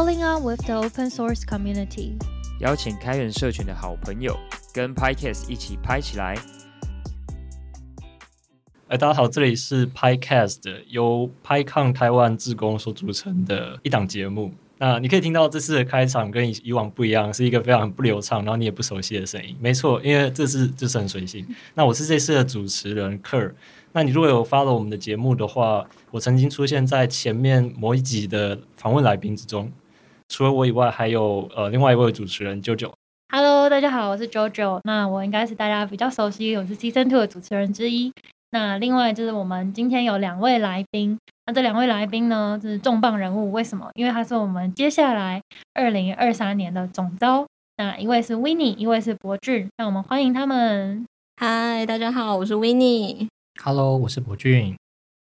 邀請開源社群的好朋友，跟 p i c a s 一起拍起來！大家好，這裡是 PiCast，由 PiCon 台灣志工所組成的一檔節目。那你可以聽到這次的開場跟以往不一樣，是一個非常不流暢，然後你也不熟悉的聲音。沒錯，因為這次就是很隨性。 那我是這次的主持人 k e 那你如果有發了我們的節目的話，我曾經出現在前面某一集的訪問來賓之中。除了我以外，還有呃，另外一位主持人 JoJo。Jo jo Hello，大家好，我是 JoJo jo,。那我應該是大家比較熟悉，我是 Season Two 的主持人之一。那另外就是我們今天有兩位來賓，那這兩位來賓呢，就是重磅人物。為什麼？因為他是我們接下來二零二三年的總召。那一位是 Winnie，一位是博俊。讓我們歡迎他們。Hi，大家好，我是 Winnie。Hello，我是博俊。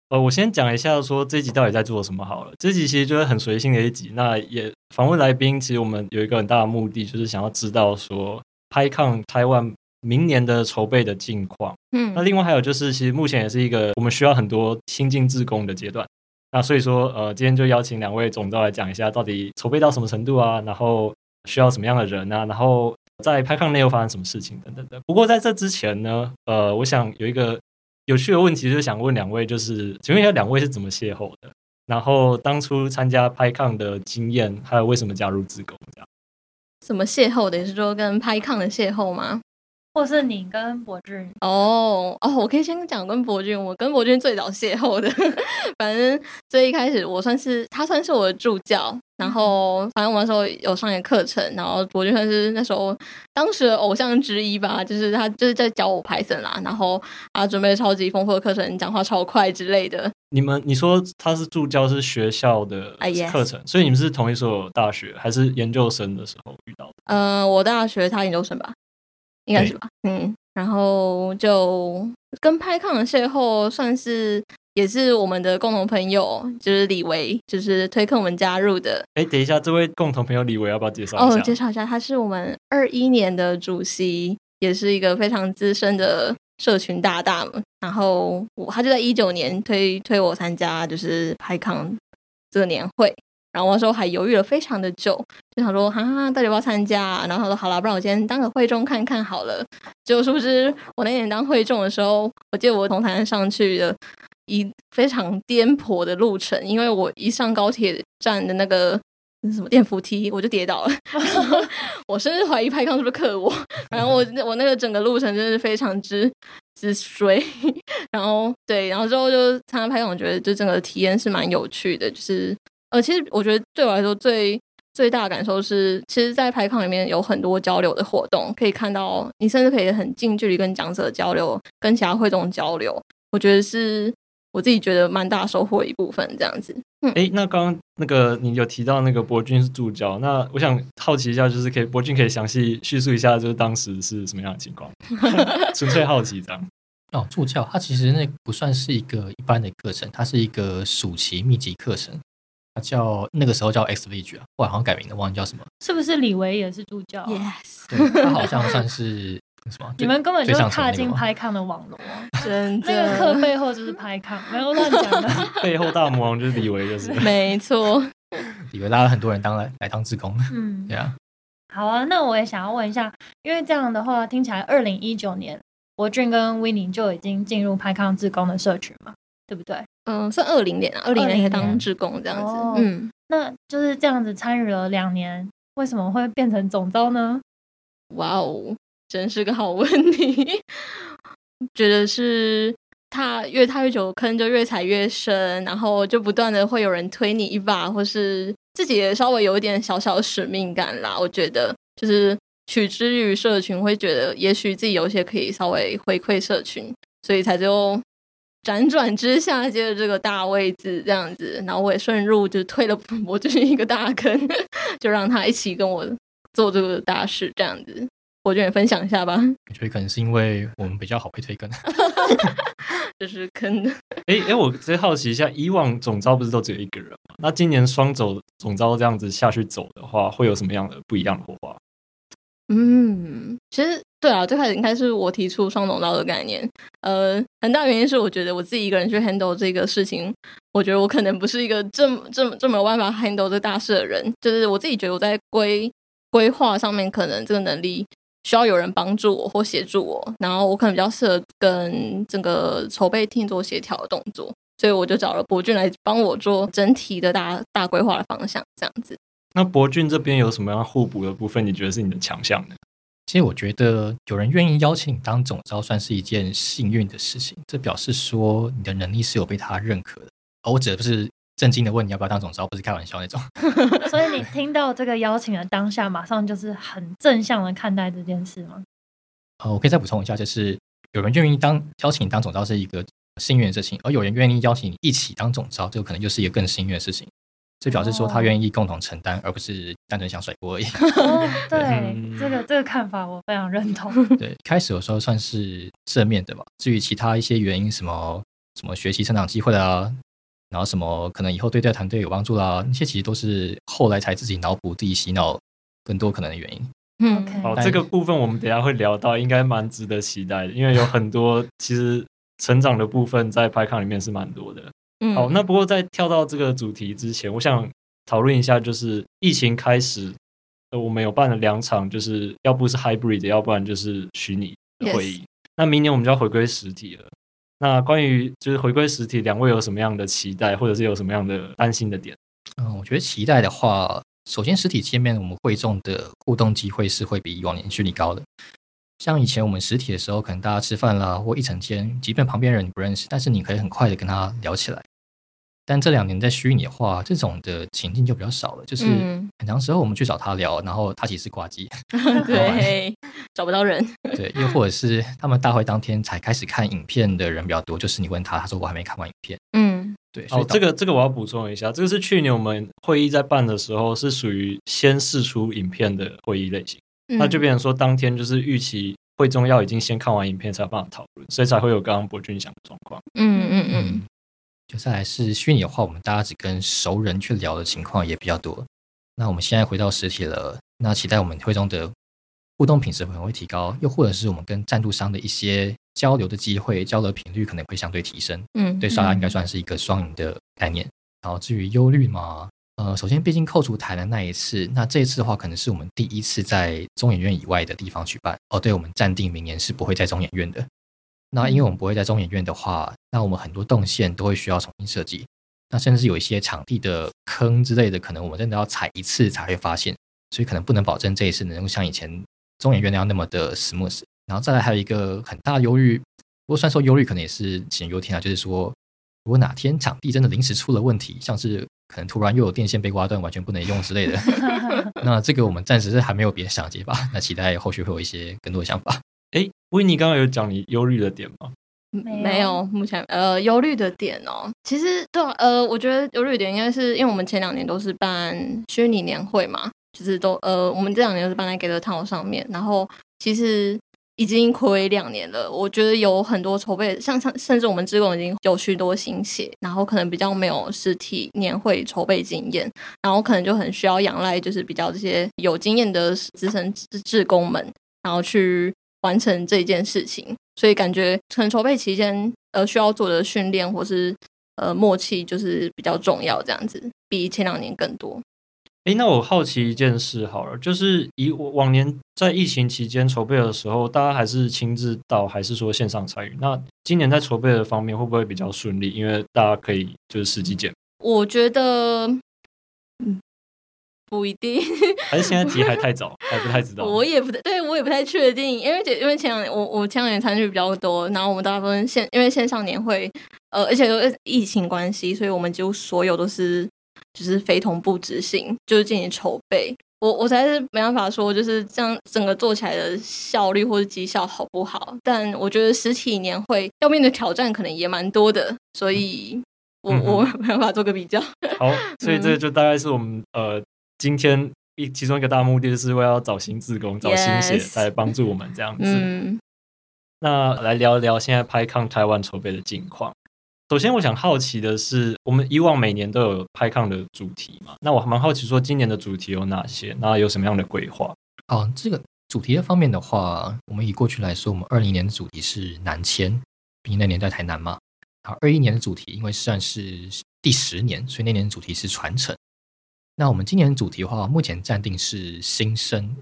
呃，我先講一下，說這一集到底在做什麼好了。這集其實就是很隨性的一集。那也訪問來賓，其實我們有一個很大的目的，就是想要知道說拍抗台灣明年的籌備的近況。嗯，那另外還有就是，其實目前也是一個我們需要很多新進志工的階段。那所以說，呃，今天就邀請兩位總召來講一下，到底籌備到什麼程度啊？然後需要什麼樣的人啊？然後在拍抗內又發生什麼事情等等的。不過在這之前呢，呃，我想有一個有趣的問題就是想問兩位，就是請問一下兩位是怎麼邂逅的？然後當初參加拍抗的經驗，還有為什麼加入志工這樣？什麼邂逅的？等於是說跟拍抗的邂逅嗎？或是你跟博俊？哦哦，我可以先講跟博俊。我跟博俊最早邂逅的，反正最一開始我算是他算是我的助教。然後，反正我們那時候有上點課程，然後我就算是那時候當時的偶像之一吧，就是他就是在教我 Python 啦，然後啊，準備了超級豐富的課程，講話超快之類的。你們你說他是助教，是學校的課程，uh, yes. 所以你們是同一所大學還是研究生的時候遇到的？呃，我大學他研究生吧，應該是吧。Hey. 嗯，然後就跟拍抗的邂逅，算是。也是我們的共同朋友，就是李維，就是推坑我們加入的。哎、欸，等一下，這位共同朋友李維，要不要介紹一下？哦，介紹一下，他是我們二一年的主席，也是一個非常資深的社群大大嘛。然後我他就在一九年推推我參加，就是 PyCon 這個年會。然後我那時候還猶豫了非常的久，就想說哈哈到底要不要參加？然後他說好了，不然我先當個會眾看看好了。結果殊不知，我那年當會眾的時候，我記得我同台上去了。一非常顛簸的路程，因為我一上高鐵站的那個那什麼電扶梯，我就跌倒了。 我甚至懷疑拍抗是不是克我。然後我我那個整個路程真的是非常之之衰。 然後對，然後之後就參加拍抗，我覺得就整個體驗是蠻有趣的。就是呃，其實我覺得對我來說最最大的感受是，其實，在拍抗裡面有很多交流的活動，可以看到你甚至可以很近距離跟講者交流，跟其他會眾交流。我覺得是。我自己覺得蠻大收穫一部分，這樣子。哎、嗯，那剛剛那個你有提到那個博君是助教，那我想好奇一下，就是可以博君可以詳細敘述一下，就是當時是什麼樣的情況？ 純粹好奇這樣。哦，助教他其實那不算是一個一般的課程，它是一個暑期密集課程，它叫那個時候叫 XVG 啊，後來好像改名了，忘記叫什麼。是不是李維也是助教？Yes，對，他好像算是。你們根本就是踏進拍抗的網羅，真的。這個課背後就是拍抗，沒有亂講的。 背後大魔王就是李維，就是沒錯錯。李維拉了很多人當來來當志工，嗯，對 Yeah 好啊，那我也想要問一下，因為這樣的話聽起來2019，二零一九年博俊跟威寧就已經進入拍抗志工的社群嘛，對不對？嗯，算二零年啊。二零年也當志工這樣子。哦、嗯，那就是這樣子參與了兩年，為什麼會變成總召呢？哇哦！真是個好問題，覺得是他越踏越久，坑就越踩越深，然後就不斷的會有人推你一把，或是自己也稍微有一點小小使命感啦。我覺得就是取之於社群，會覺得也許自己有些可以稍微回饋社群，所以才就輾轉之下接着這個大位置這樣子。然後我也順路就推了 PoChun 進一個大坑，就讓他一起跟我做這個大事這樣子。我就分享一下吧。我覺得可能是因為我們比較好被推坑 ， 就是坑可、欸。哎、欸、哎，我最好奇一下，以往總召不是都只有一個人嗎？那今年雙走總召這樣子下去走的話，會有什麼樣的不一樣的火花？嗯，其實對啊，最開始應該是我提出雙總召的概念。呃，很大原因是我覺得我自己一個人去 handle 這個事情，我覺得我可能不是一個這麼這麼這麼有辦法 handle 這大事的人。就是我自己覺得我在規規劃上面，可能這個能力。需要有人幫助我或協助我，然後我可能比較適合跟整個籌備 team 做協調的動作，所以我就找了博俊來幫我做整體的大大規劃的方向，這樣子。那博俊這邊有什麼樣互補的部分，你覺得是你的強項呢？其實我覺得有人願意邀請你當總召，算是一件幸運的事情。這表示說你的能力是有被他認可的。而我指的不是。正經的問你要不要當總召，不是開玩笑那種。 所以你聽到這個邀請的當下，馬上就是很正向的看待這件事嗎？好，我可以再補充一下，就是有人願意當邀請你當總召是一個幸運的事情，而有人願意邀請你一起當總召，這個可能就是一個更幸運的事情。這表示說他願意共同承擔，而不是單純想甩鍋而已。對，這個這個看法我非常認同。對，開始的時候算是正面的吧。至於其他一些原因，什麼什麼學習成長機會啊。然後什麼可能以後對這個團隊有幫助啦、啊？那些其實都是後來才自己腦補、自己洗腦，更多可能的原因。嗯，Okay. 好，但這個部分我們等一下會聊到，應該蠻值得期待的，因為有很多其實成長的部分在拍抗裡面是蠻多的。嗯，好，那不過在跳到這個主題之前，我想討論一下，就是疫情開始，我們有辦了兩場，就是要不是 hybrid，要不然就是虛擬的會議。Yes. 那明年我們就要回歸實體了。那關於就是回歸實體，兩位有什麼樣的期待，或者是有什麼樣的擔心的點？嗯，我覺得期待的話，首先實體見面，我們會眾的互動機會是會比往年距離高的。像以前我們實體的時候，可能大家吃飯啦，或一整間，即便旁邊人你不認識，但是你可以很快的跟他聊起來。但這兩年在虛擬化這種的情境就比較少了，就是很長時候我們去找他聊，然後他其實掛機，嗯、 對， 找不到人。對，又或者是他們大會當天才開始看影片的人比較多，就是你問他，他說我還沒看完影片。嗯，對。所以哦，這個這個我要補充一下，這個是去年我們會議在辦的時候是屬於先釋出影片的會議類型，嗯、那就變成說當天就是預期會中要已經先看完影片才有辦法討論，所以才會有剛剛博君想的狀況。嗯嗯嗯。嗯就再來是虛擬的話，我們大家只跟熟人去聊的情況也比較多，那我們現在回到實體了，那期待我們會中的互動品質可能會提高，又或者是我們跟贊助商的一些交流的機會、交流頻率可能會相對提升。嗯，對，雙鴨應該算是一個雙贏的概念。嗯、然後至於憂慮嘛，呃，首先畢竟扣除台的那一次，那這一次的話可能是我們第一次在中研院以外的地方舉辦。哦，對，我們暫定明年是不會在中研院的。那因為我們不會在中研院的話，那我們很多動線都會需要重新設計，那甚至有一些場地的坑之類的，可能我們真的要踩一次才會發現，所以可能不能保證這一次能夠像以前中研院那樣那麼的 smooth。然後再來還有一個很大的憂慮，不過算說憂慮，可能也是杞人憂天啊，就是說如果哪天場地真的臨時出了問題，像是可能突然又有電線被挖斷，完全不能用之類的， 那這個我們暫時是還沒有別的解法，那期待後續會有一些更多的想法。誒，威尼剛剛有講你憂慮的點嗎？沒有，沒有，目前呃，憂慮的點哦，其實對呃，我覺得憂慮的點應該是因為我們前兩年都是辦虛擬年會嘛，就是都呃，我們這兩年都是辦在 Gather Town 上面，然後其實已經虧兩年了。我覺得有很多籌備，像像甚至我們志工已經有許多心血，然後可能比較沒有實體年會籌備經驗，然後可能就很需要仰賴就是比較這些有經驗的資深志工們，然後去。完成這一件事情，所以感覺可能籌備期間呃，需要做的訓練或是呃，默契就是比較重要，這樣子比前兩年更多。誒，那我好奇一件事好了，就是以往年在疫情期間籌備的時候，大家還是親自到，還是說線上參與？那今年在籌備的方面會不會比較順利？因為大家可以就是實際見。我覺得，嗯。不一定，還是現在急，還太早，還不太知道。我也不太，對我也不太確定，因為前，因為前兩年我我前兩年參與比較多，然後我們大部分線，因為線上年會，呃，而且都是疫情關係，所以我們幾乎所有都是就是非同步執行，就是進行籌備。我我實在是沒辦法說，就是這樣整個做起來的效率或者績效好不好？但我覺得實體年會要面對挑戰，可能也蠻多的，所以我我沒辦法做個比較。嗯嗯好，嗯、所以這個就大概是我們呃。今天一其中一個大目的就是為了要找新志工，yes, 找新血來幫助我們這樣子。嗯、那來聊一聊現在拍抗台灣籌備的近況。首先，我想好奇的是，我們以往每年都有拍抗的主題嘛？那我還蠻好奇說，今年的主題有哪些？那有什麼樣的規劃？啊，這個主題的方面的話，我們以過去來說，我們二零年的主題是南遷，畢竟那年在台南嘛。然後二一年的主題，因為算是第十年，所以那年的主題是傳承。那我們今年主題的話，目前暫定是新生，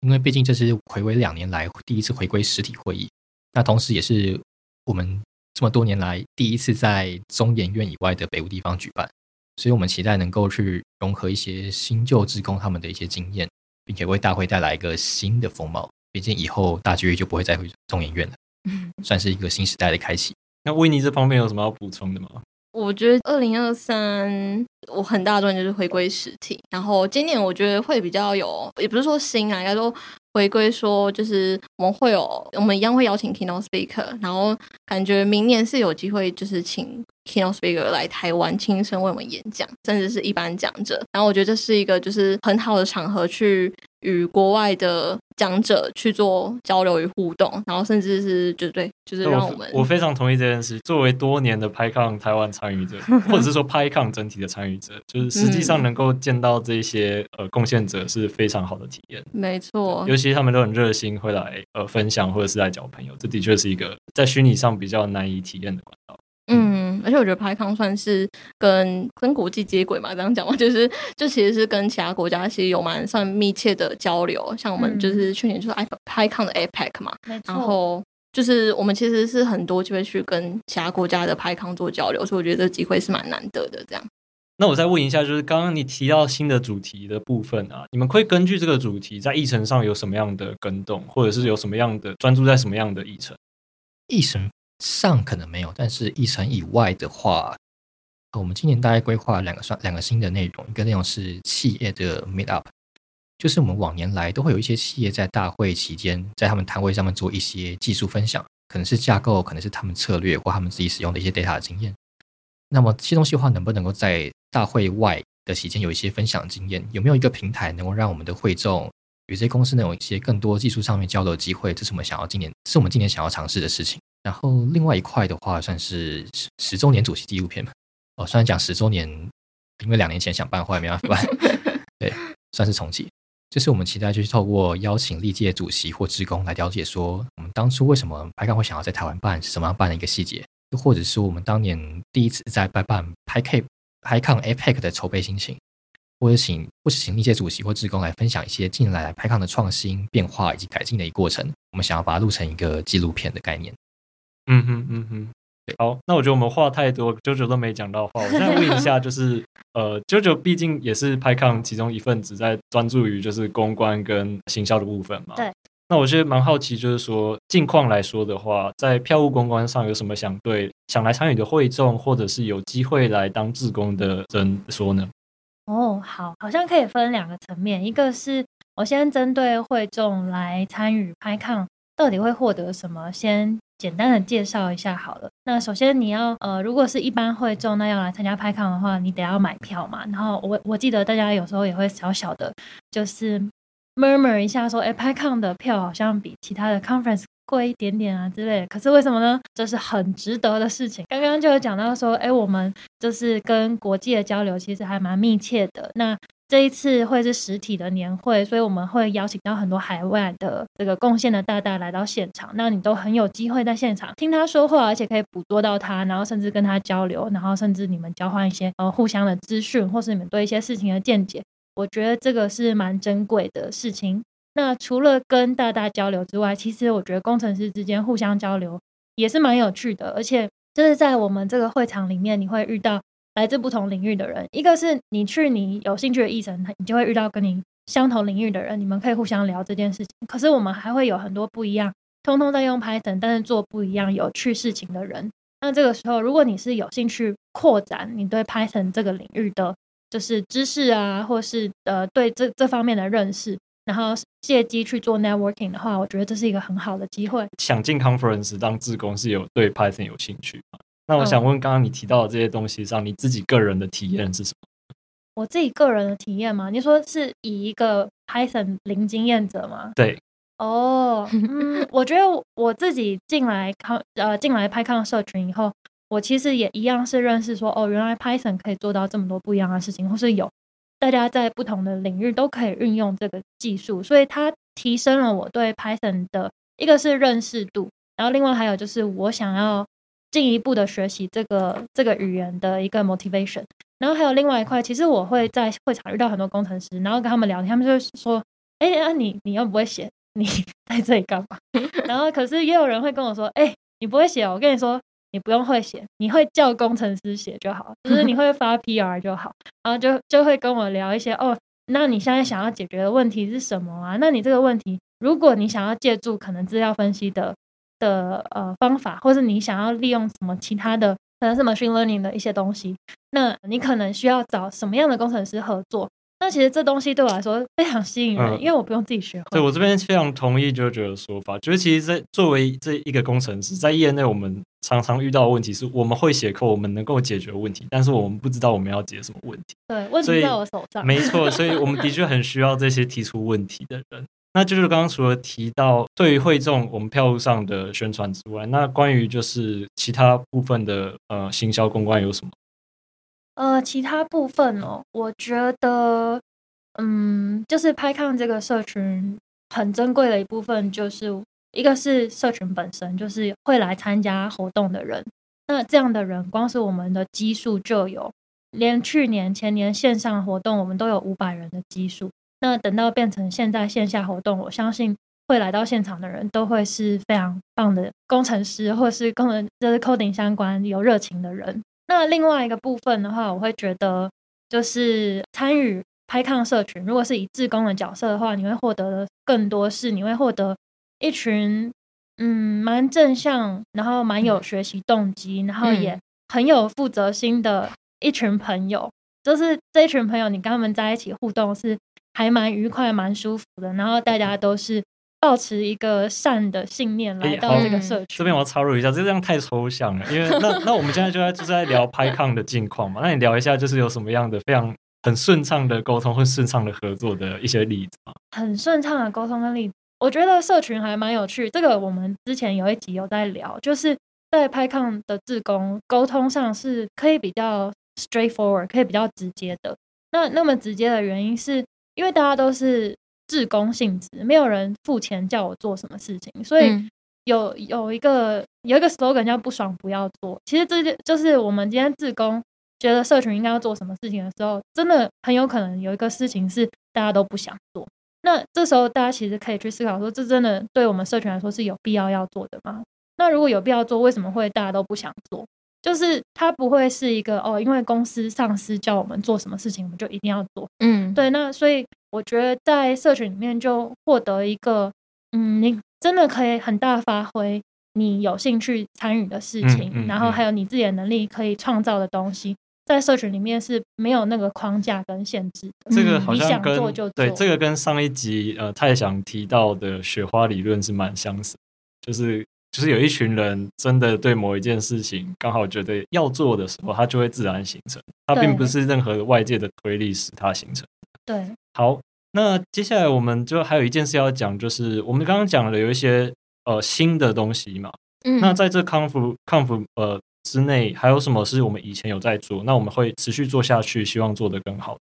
因為畢竟這是暌違兩年來第一次回歸實體會議，那同時也是我們這麼多年來第一次在中研院以外的北部地方舉辦，所以我們期待能夠去融合一些新舊志工他們的一些經驗，並且為大會帶來一個新的風貌。畢竟以後大巨就就不會再回中研院了，嗯，算是一個新時代的開啟。那威尼這方面有什麼要補充的嗎？我覺得二零二三我很大的重點，就是回歸實體，然後今年我覺得會比較有，也不是說新啊，應該說回歸，說就是我們會有，我們一樣會邀請 keynote speaker，然後感覺明年是有機會就是請。keynote speaker 來臺灣親身為我們演講，甚至是一般講者。然後我覺得這是一個就是很好的場合，去與國外的講者去做交流與互動，然後甚至是就對，就是讓我們我，我非常同意這件事。作為多年的拍抗臺灣參與者，或者是說拍抗整體的參與者， 就是實際上能夠見到這些呃貢獻者是非常好的體驗。沒錯錯，尤其他們都很熱心，會來呃分享或者是來交朋友。這的確是一個在虛擬上比較難以體驗的管道。而且我覺得拍康算是跟跟國際接軌嘛，這樣講嘛，就是就其實是跟其他國家其實有蠻算密切的交流。像我們就是去年就是、I、拍康的 APAC 嘛，沒錯。然後就是我們其實是很多機會，去跟其他國家的拍康做交流，所以我覺得這機會是蠻難得的。這樣。那我再問一下，就是剛剛你提到新的主題的部分啊，你們可以根據這個主題在議程上有什麼樣的更動，或者是有什麼樣的專注在什麼樣的議程？議程。上可能沒有，但是議程以外的話，我們今年大概規劃兩個算，兩個新的內容。一個內容是企業的 Meet Up，就是我們往年來都會有一些企業在大會期間在他們攤位上面做一些技術分享，可能是架構，可能是他們策略或他們自己使用的一些 Data 的經驗。那麼這些東西的話，能不能夠在大會外的期間有一些分享經驗？有沒有一個平台能夠讓我們的會眾與這些公司能有一些更多技術上面交流的機會？這是我們想要今年，是我們今年想要嘗試的事情。然後另外一塊的話，算是十周年主席紀錄片嘛。哦，雖然講十周年，因為兩年前想辦，會，沒辦法辦。 對，算是重啟。這、就是我們期待就是透過邀請歷屆主席或志工來了解，說我們當初為什麼 PyCon 會想要在台灣辦，是怎麼樣辦的一個細節，又或者是我們當年第一次在拜辦 PyC PyCon APEC 的籌備心情，或者請或者請歷屆主席或志工來分享一些近年來 PyCon 的創新變化以及改進的一個過程。我們想要把它錄成一個紀錄片的概念。嗯哼嗯哼，好，那我覺得我們話太多，JoJo 都沒講到話。我再問一下，就是 呃，JoJo 畢竟也是拍抗其中一份子，在專注於就是公關跟行銷的部分嘛。對。那我現在蠻好奇，就是說近況來說的話，在票務公關上有什麼想對想來參與的會眾，或者是有機會來當志工的人說呢？哦，好，好像可以分兩個層面，一個是，我先針對會眾來參與拍抗，到底會獲得什麼？先。簡單的介紹一下好了。那首先你要呃，如果是一般會眾，那要來參加 PyCon 的話，你得要買票嘛。然後我我記得大家有時候也會小小的，就是 murmur 一下說，哎、欸、PyCon 的票好像比其他的 conference 貴一點點啊之類的。可是為什麼呢？這是很值得的事情。剛剛就有講到說，哎、欸，我們就是跟國際的交流其實還蠻密切的。那這一次會是實體的年會，所以我們會邀請到很多海外的這個貢獻的大大來到現場。那你都很有機會在現場聽他說話，而且可以捕捉到他，然後甚至跟他交流，然後甚至你們交換一些呃互相的資訊，或是你們對一些事情的見解。我覺得這個是蠻珍貴的事情。那除了跟大大交流之外，其實我覺得工程師之間互相交流也是蠻有趣的，而且就是在我們這個會場裡面，你會遇到。來自不同領域的人，一個是你去你有興趣的議程，你就會遇到跟你相同領域的人，你們可以互相聊這件事情。可是我們還會有很多不一樣，通通在用 Python，但是做不一樣有趣事情的人。那這個時候，如果你是有興趣擴展你對 Python 這個領域的就是知識啊，或是呃對這這方面的認識，然後借機去做 networking 的話，我覺得這是一個很好的機會。想進 conference 當志工是有對 Python 有興趣嗎？那我想問，剛剛你提到的這些東西上，你自己個人的體驗是什麼？我自己個人的體驗嗎？你說是以一個 Python 零經驗者嗎？對，哦，oh, 嗯，我覺得我自己進來看，呃，進來 PyCon 社群以後，我其實也一樣是認識說，哦，原來 Python 可以做到這麼多不一樣的事情，或是有大家在不同的領域都可以運用這個技術，所以它提升了我對 Python 的一個是認識度，然後另外還有就是我想要。進一步的學習這個這個語言的一個 motivation，然後還有另外一塊，其實我會在會場遇到很多工程師，然後跟他們聊天，他們就會說：“哎、欸、呀，啊、你你又不會寫，你在這裡幹嘛？”然後可是也有人會跟我說：“哎、欸，你不會寫，我跟你說，你不用會寫，你會叫工程師寫就好，就是你會發 PR 就好。”然後就就會跟我聊一些：“哦，那你現在想要解決的問題是什麼啊？那你這個問題，如果你想要借助可能資料分析的。”的呃方法，或是你想要利用什麼其他的，可能是 machine learning 的一些東西，那你可能需要找什麼樣的工程師合作？那其實這東西對我來說非常吸引人，呃、因為我不用自己學會。對我這邊非常同意就覺的說法，就是其實在作為這一個工程師，在業內我們常常遇到的問題是我們會寫 c 我們能夠解決問題，但是我們不知道我們要解決什麼問題。對，問題以在我手上。 沒錯，所以我們的確很需要這些提出問題的人。那就是剛剛除了提到對於會眾我們票務上的宣傳之外，那關於就是其他部分的呃行銷公關有什麼？呃，其他部分哦，我覺得嗯，就是拍抗這個社群很珍貴的一部分，就是一個是社群本身，就是會來參加活動的人。那這樣的人，光是我們的基數就有，連去年前年線上活動，我們都有五百人的基數。那等到變成現在線下活動，我相信會來到現場的人都會是非常棒的工程師，或是工就是 coding 相關有熱情的人。那另外一個部分的話，我會覺得就是參與拍抗社群，如果是以志工的角色的話，你會獲得更多是你會獲得一群嗯蠻正向，然後蠻有學習動機，嗯、然後也很有負責心的一群朋友。嗯、就是這一群朋友，你跟他們在一起互動是。還蠻愉快，蠻舒服的，然後大家都是抱持一個善的信念來到這個社群。欸、這邊我要插入一下，這這樣太抽象了，因為那那我們現在就在就在聊拍抗的近況嘛。 那你聊一下，就是有什麼樣的非常很順暢的溝通，很順暢的合作的一些例子嗎？很順暢的溝通的例子，我覺得社群還蠻有趣。這個我們之前有一集有在聊，就是在拍抗的志工溝通上是可以比較 straightforward，可以比較直接的。那那麼直接的原因是。因為大家都是志工性質，沒有人付錢叫我做什麼事情，所以有、嗯、有一個有一個 slogan 叫“不爽不要做”。其實這就就是我們今天志工覺得社群應該要做什麼事情的時候，真的很有可能有一個事情是大家都不想做。那這時候大家其實可以去思考說，這真的對我們社群來說是有必要要做的嗎？那如果有必要做，為什麼會大家都不想做？就是它不會是一個哦，因為公司上司叫我們做什麼事情，我們就一定要做。嗯，對。那所以我覺得在社群裡面就獲得一個，嗯，你真的可以很大發揮你有興趣參與的事情，嗯嗯、然後還有你自己的能力可以創造的東西，嗯、在社群裡面是沒有那個框架跟限制的。這個好像跟，嗯，你想做就做。對，這個跟上一集呃，太想提到的雪花理論是蠻相似的，就是。就是有一群人真的對某一件事情剛好覺得要做的時候，他就會自然形成，他並不是任何外界的推力使他形成。對，好，那接下來我們就還有一件事要講，就是我們剛剛講了有一些呃新的東西嘛，那在這 conf conf 呃之內，還有什麼是我們以前有在做，那我們會持續做下去，希望做得更好。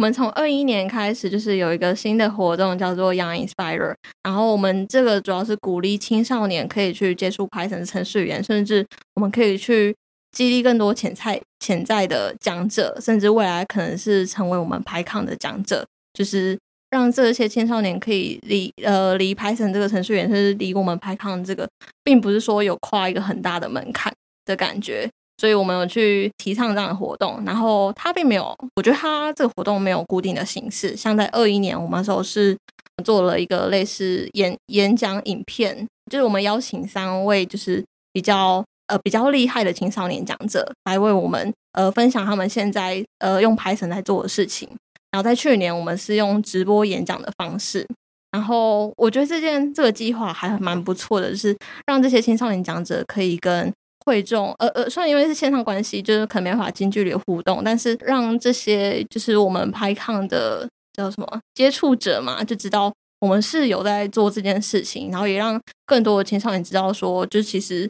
我們從二一年開始，就是有一個新的活動叫做 Young Inspire，然後我們這個主要是鼓勵青少年可以去接觸 Python 程序員，甚至我們可以去激勵更多潛在潛在的講者，甚至未來可能是成為我們 PyCon 的講者，就是讓這些青少年可以離呃離 Python 這個程序員，甚至離我們 PyCon 這個，並不是說有跨一個很大的門檻的感覺。所以，我們有去提倡這樣的活動，然後他並沒有，我覺得他這個活動沒有固定的形式。像在二一年，我們那時候是做了一個類似演演講影片，就是我們邀請三位就是比較呃比較厲害的青少年講者來為我們呃分享他們現在呃用 Python 在做的事情。然後在去年，我們是用直播演講的方式。然後我覺得這件這個計劃還蠻不錯的，就是讓這些青少年講者可以跟。會重，呃呃，雖然因為是線上關係，就是可能沒法近距離互動，但是讓這些就是我們拍抗的叫什麼接觸者嘛，就知道我們是有在做這件事情，然後也讓更多的青少年知道說，說就是其實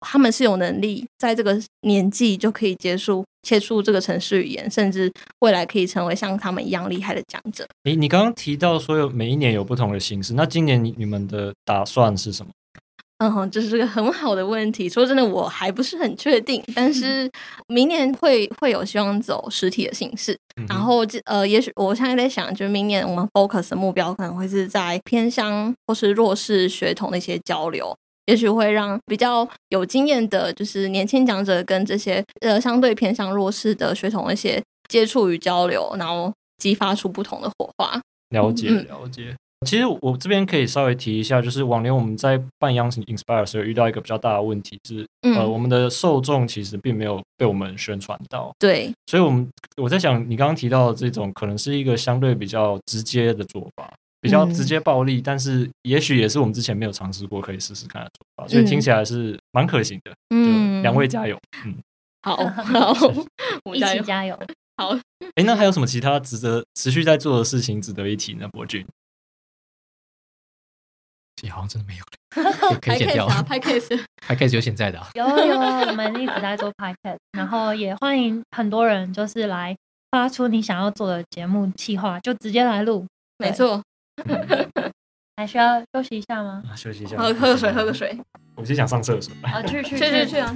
他們是有能力在這個年紀就可以接觸、接觸這個程式語言，甚至未來可以成為像他們一樣厲害的講者。誒、欸，你剛剛提到說有每一年有不同的形式，那今年你們的打算是什麼？嗯哼，這是個很好的問題。說真的，我還不是很確定，但是明年會會有希望走實體的形式。嗯、哼然後，呃，也許我現在在想，就是明年我們 focus 的目標可能會是在偏向或是弱勢學童的一些交流，也許會讓比較有經驗的，就是年輕講者跟這些呃相對偏向弱勢的學童一些接觸與交流，然後激發出不同的火花。了解，嗯、了解。其實我這邊可以稍微提一下，就是往年我們在辦央視 Inspire 的時候遇到一個比較大的問題是，是、嗯、呃，我們的受眾其實並沒有被我們宣傳到。對，所以我們我在想，你剛剛提到的這種可能是一個相對比較直接的做法，比較直接暴力，嗯、但是也許也是我們之前沒有嘗試過，可以試試看的做法。所以聽起來是蠻可行的。嗯，兩位加油。嗯，好，好，一起加油。好，哎、欸，那還有什麼其他值得持續在做的事情值得一提呢？博俊？好像真的沒有了，有可以剪掉。PyCast，PyCast 有現在的啊，有有，我們一直在做 PyCast。 然後也歡迎很多人就是來發出你想要做的節目計劃，就直接來錄，沒錯。還需要休息一下嗎？啊、休息一下，喝個水，喝個水。我先想上廁所。啊，去去 去去、去、去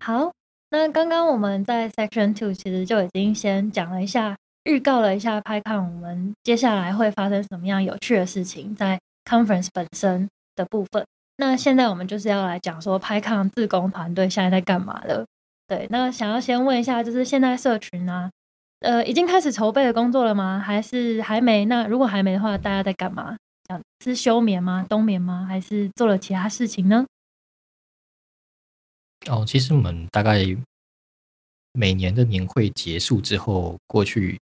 好，那剛剛我們在 Section Two 其實就已經先講了一下。預告了一下 PyCon，我們接下來會發生什麼樣有趣的事情？在 Conference 本身的部分，那現在我們就是要來講說 PyCon 志工團隊現在在幹嘛了。對，那想要先問一下，就是現在社群啊，呃，已經開始籌備的工作了嗎？還是還沒？那如果還沒的話，大家在幹嘛？講，是休眠嗎？冬眠嗎？還是做了其他事情呢？哦，其實我們大概每年的年會結束之後過去。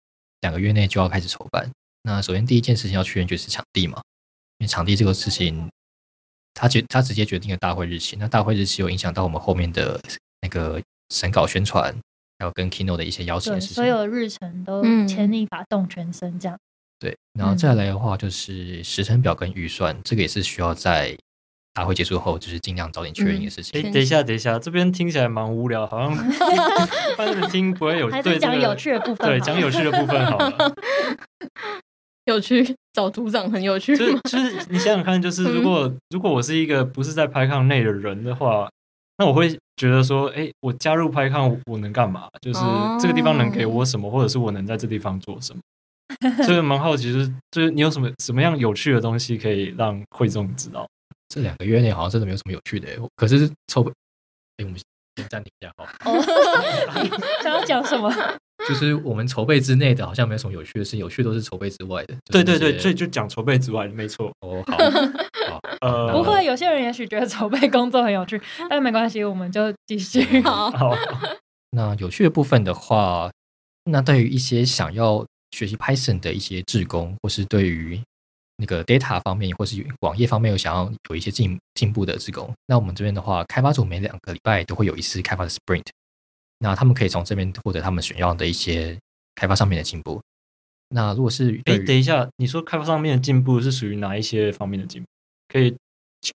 兩個月內就要開始籌辦。那首先第一件事情要確認就是場地嘛，因為場地這個事情，他決他直接決定了大會日期。那大會日期又影響到我們後面的那個審稿、宣傳，還有跟 Keynote 的一些邀請的事情。所有的日程都牽一髮動全身這樣。嗯、對，然後再來的話就是時程表跟預算，這個也是需要在。大會結束後，就是盡量早點確認的事情。哎、嗯，等一下，等一下，這邊聽起來蠻無聊，好像反正 聽不會有。對，講有趣的部分，對，講有趣的部分好了。有趣，好了 有趣，找組長很有趣就。就是，就是，你想想看，就是如果、嗯、如果我是一個不是在拍抗內的人的話，那我會覺得說，哎、欸，我加入拍抗，我能幹嘛？就是這個地方能給我什麼，或者是我能在這地方做什麼？所以就是蠻好奇，就是你有什麼什麼樣有趣的東西可以讓會眾知道。這兩個月內好像真的沒有什麼有趣的，可是籌備誒，我們先暫停一下、oh, 想要講什麼？就是我們籌備之內的，好像沒有什麼有趣的事，有趣都是籌備之外的。就是、對對對，所以就講籌備之外，沒錯。哦，好，好 好呃，不過，有些人也許覺得籌備工作很有趣，但沒關係，我們就繼續。好， 那有趣的部分的話，那對於一些想要學習 Python 的一些志工，或是對於。那個 data 方面或是網頁方面有想要有一些進進步的志工，那我們這邊的話，開發組每兩個禮拜都會有一次開發的 sprint，那他們可以從這邊獲得他們想要的一些開發上面的進步。那如果是哎、欸，等一下，你說開發上面的進步是屬於哪一些方面的進步？可以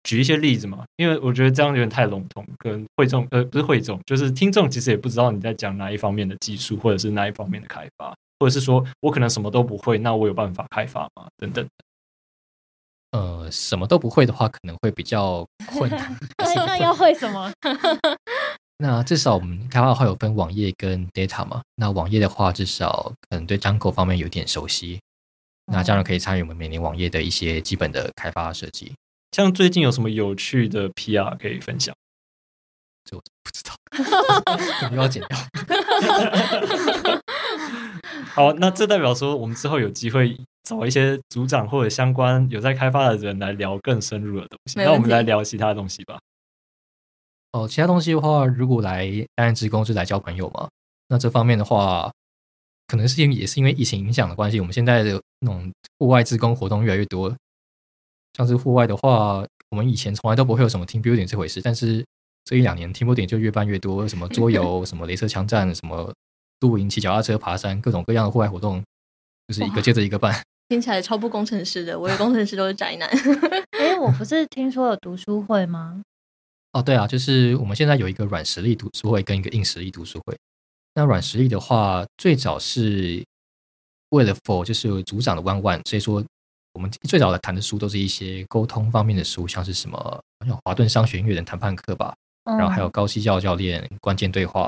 舉一些例子嗎？因為我覺得這樣有點太籠統，跟會眾呃不是會眾，就是聽眾其實也不知道你在講哪一方面的技術，或者是哪一方面的開發，或者是說我可能什麼都不會，那我有辦法開發嗎？等等呃，什麼都不會的話，可能會比較困難。 那要會什麼？ 那至少我們開發的話有分網頁跟 data 嘛。那網頁的話，至少可能對 d 口方面有點熟悉。嗯、那家人可以參與我們每年網頁的一些基本的開發設計。像最近有什麼有趣的 PR 可以分享？就不知道，你 不要剪掉。 好，那這代表說我們之後有機會。找一些組長或者相關有在開發的人來聊更深入的東西。問那我們來聊其他的東西吧。哦，其他東西的話，如果來擔任志工，是來交朋友嘛。那這方面的話，可能是因也是因為疫情影響的關係，我們現在的那種戶外志工活動越來越多。像是戶外的話，我們以前從來都不會有什麼 team building 這回事，但是這一兩年 team building 就越辦越多，什麼桌遊、 什麼雷射槍戰、什麼露營、騎腳踏車、爬山，各種各樣的戶外活動，就是一個接着一個辦。聽起來超不工程師的，我以為工程師都是宅男。哎， 我不是聽說有讀書會嗎？哦，對啊，就是我們現在有一個軟實力讀書會跟一個硬實力讀書會。那軟實力的話，最早是為了 for 就是有組長的 one one，所以說我們最早的談的書都是一些溝通方面的書，像是什麼像《華頓商學院的談判課》吧，嗯、然後還有《高希教教練關鍵對話》。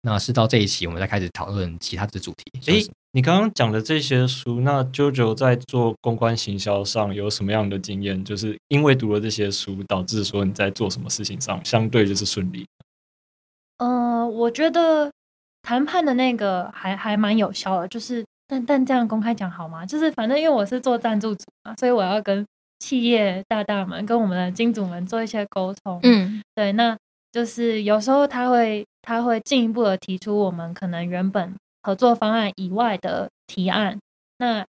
那是到這一期，我們再開始討論其他的主題。誒、欸。你剛剛講的這些書，那 JoJo 在做公關行銷上有什麼樣的經驗？就是因為讀了這些書，導致說你在做什麼事情上相對就是順利。嗯、呃，我覺得談判的那個還還蠻有效的，就是但但這樣公開講好嗎？就是反正因為我是做贊助主嘛，所以我要跟企業大大們、跟我們的金主們做一些溝通。嗯，對，那就是有時候他會他會進一步的提出，我們可能原本。合作方案以外的提案，那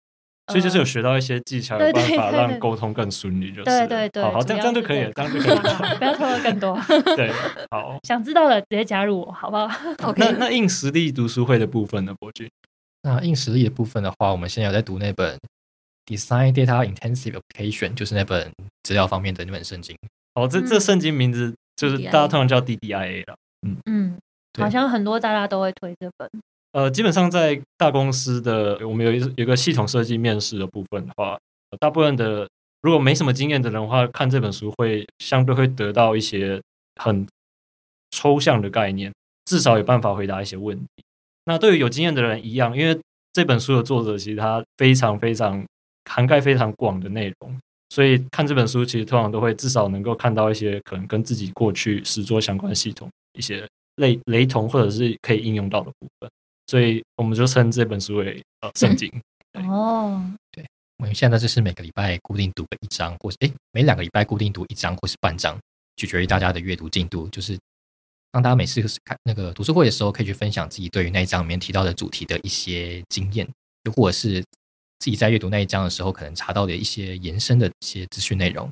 所以就是有學到一些技巧的方法讓溝通更順利，就是對對對，好好這樣這樣就可以了，這樣就可以了，不要透露更多。對，好，想知道的直接加入我，好不好？OK。那硬實力讀書會的部分呢，博君？那硬實力的部分的話，我們現在有在讀那本 Design Data Intensive Application，就是那本資料方面的那本聖經。哦，這這聖經名字就是大家通常叫 DDIA 了。嗯嗯，好像很多大家都會推這本。呃，基本上在大公司的，我們有一有個系統設計面試的部分的話，大部分的如果沒什麼經驗的人的話，看這本書會相對會得到一些很抽象的概念，至少有辦法回答一些問題。那對於有經驗的人一樣，因為這本書的作者其實他非常非常涵蓋非常廣的內容，所以看這本書其實通常都會至少能夠看到一些可能跟自己過去實作相關系統一些類雷同或者是可以應用到的部分。所以我們就稱這本書為聖經。哦，對，我們現在就是每個禮拜固定讀個一章，或是哎每兩個禮拜固定讀一章或是半章，取決於大家的閱讀進度。就是當大家每次看那個讀書會的時候，可以去分享自己對於那一章裡面提到的主題的一些經驗，又或者是自己在閱讀那一章的時候可能查到的一些延伸的一些資訊內容。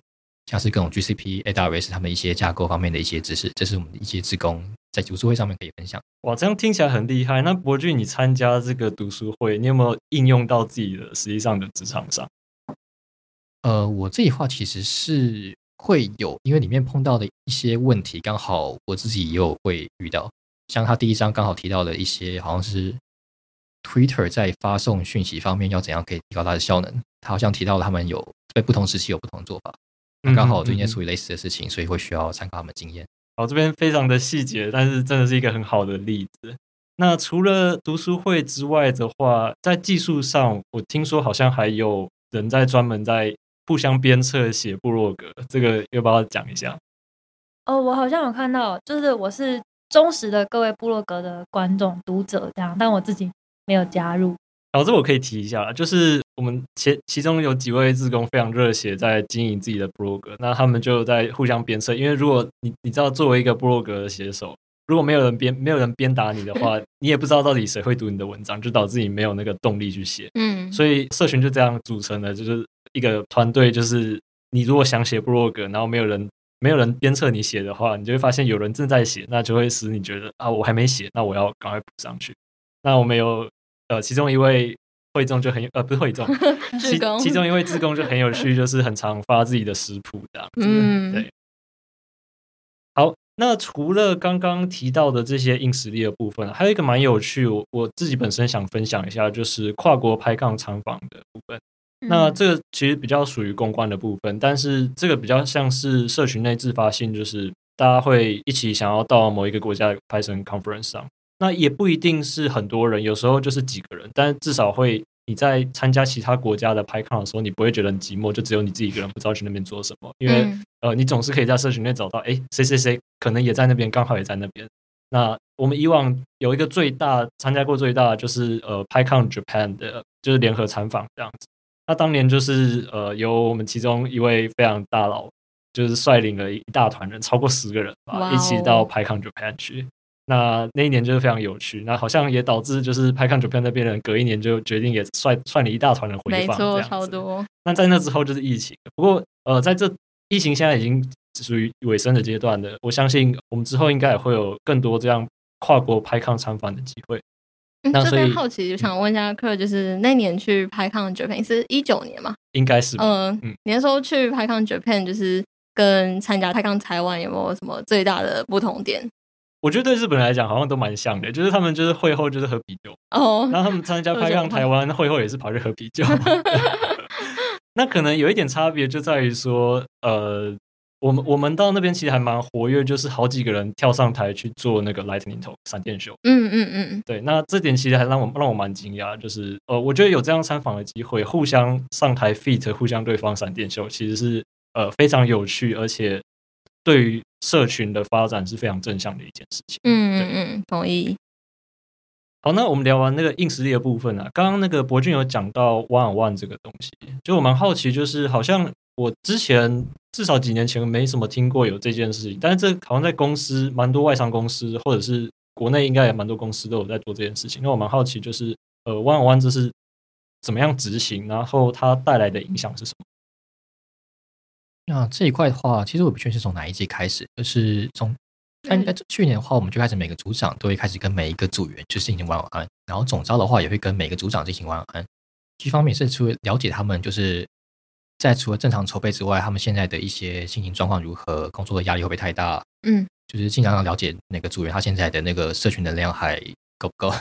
像是各種 GCP、AWS 他們一些架構方面的一些知識，這是我們的一些志工在讀書會上面可以分享。哇，這樣聽起來很厲害。那博俊，你參加這個讀書會，你有沒有應用到自己的實際上的職場上？呃，我這一話其實是會有，因為裡面碰到的一些問題，剛好我自己也有會遇到。像他第一章剛好提到的一些，好像是 Twitter 在發送訊息方面要怎樣可以提高它的效能。他好像提到了他們有在不同時期有不同的做法。嗯嗯、剛好我最近也處理類似的事情，所以會需要參考他們的經驗。好，這邊非常的細節，但是真的是一個很好的例子。那除了讀書會之外的話，在技術上，我聽說好像還有人在專門在互相鞭策寫部落格，這個要不要講一下？哦，我好像有看到，就是我是忠實的各位部落格的觀眾讀者這樣，但我自己沒有加入。好，這我可以提一下，就是我們其其中有幾位志工非常熱血，在經營自己的 blog，那他們就在互相鞭策。因為如果你你知道，作為一個 blog 的寫手，如果沒有人鞭沒有人鞭打你的話， 你也不知道到底誰會讀你的文章，就導致你沒有那個動力去寫。嗯，所以社群就這樣組成的，就是一個團隊。就是你如果想寫 blog，然後沒有人沒有人鞭策你寫的話，你就會發現有人正在寫，那就會使你覺得啊，我還沒寫，那我要趕快補上去。那我沒有。呃，其中一位會眾就很呃，不是會眾，其，公其中一位志工就很有趣，就是很常發自己的食譜這樣。嗯，對。好，那除了剛剛提到的這些硬實力的部分，還有一個蠻有趣，我我自己本身想分享一下，就是跨國拍抗廠訪的部分。那這個其實比較屬於公關的部分，但是這個比較像是社群內自發性，就是大家會一起想要到某一個國家的 Python conference 上。那也不一定是很多人，有時候就是幾個人，但至少會你在參加其他國家的拍抗的時候，你不會覺得很寂寞，就只有你自己一個人不知道去那邊做什麼，因為、嗯、呃，你總是可以在社群內找到，哎、欸，誰誰誰可能也在那邊，剛好也在那邊。那我們以往有一個最大參加過最大的就是呃拍抗 Japan 的，就是聯合參訪這樣子。那當年就是呃由我們其中一位非常大佬，就是率領了一大團人，超過十個人吧，Wow 一起到拍抗 Japan 去。那那一年就是非常有趣，那好像也導致就是拍抗 Japan 那邊人隔一年就決定也率率你一大團人回放，沒錯，超多。那在那之後就是疫情，不過呃，在這疫情現在已經屬於尾聲的階段了，我相信我們之後應該也會有更多這樣跨國拍抗參訪的機會。那這邊好奇就、嗯、想問一下克，嗯、就是那年去拍抗 Japan 是一九年嗎？應該是吧，嗯、呃，你那時候去拍抗 Japan 就是跟參加拍抗台灣有沒有什麼最大的不同點？我覺得對日本人來講好像都蠻像的，就是他們就是會後就是喝啤酒，oh, 然後他們參加 PyCon 台灣會後也是跑去喝啤酒。 那可能有一點差別就在於說，呃，我們我們到那邊其實還蠻活躍，就是好幾個人跳上台去做那個 lightning talk 閃電秀。嗯嗯嗯，嗯嗯對，那這點其實還讓我讓我蠻驚訝，就是呃，我覺得有這樣參訪的機會，互相上台 feat 互相對方閃電秀，其實是呃非常有趣，而且。對於社群的發展是非常正向的一件事情。嗯對嗯，同意。好，那我們聊完那個硬實力的部分啊，剛剛那個博俊有講到 One on One 這個東西，就我蠻好奇，就是好像我之前至少幾年前沒什麼聽過有這件事情，但是這好像在公司蠻多外商公司或者是國內應該也蠻多公司都有在做這件事情，因為我蠻好奇，就是呃 One on One 這是怎麼樣執行，然後它帶來的影響是什麼？那這一塊的話，其實我不確定是從哪一季開始，就是從，但應該去年的話，我們就開始每個組長都會開始跟每一個組員進行晚安，然後總召的話也會跟每個組長進行晚安。一方面是除了了解他們，就是在除了正常籌備之外，他們現在的一些心情狀況如何，工作的壓力會不會太大？嗯，就是盡量要了解每個組員他現在的那個社群能量還夠不夠、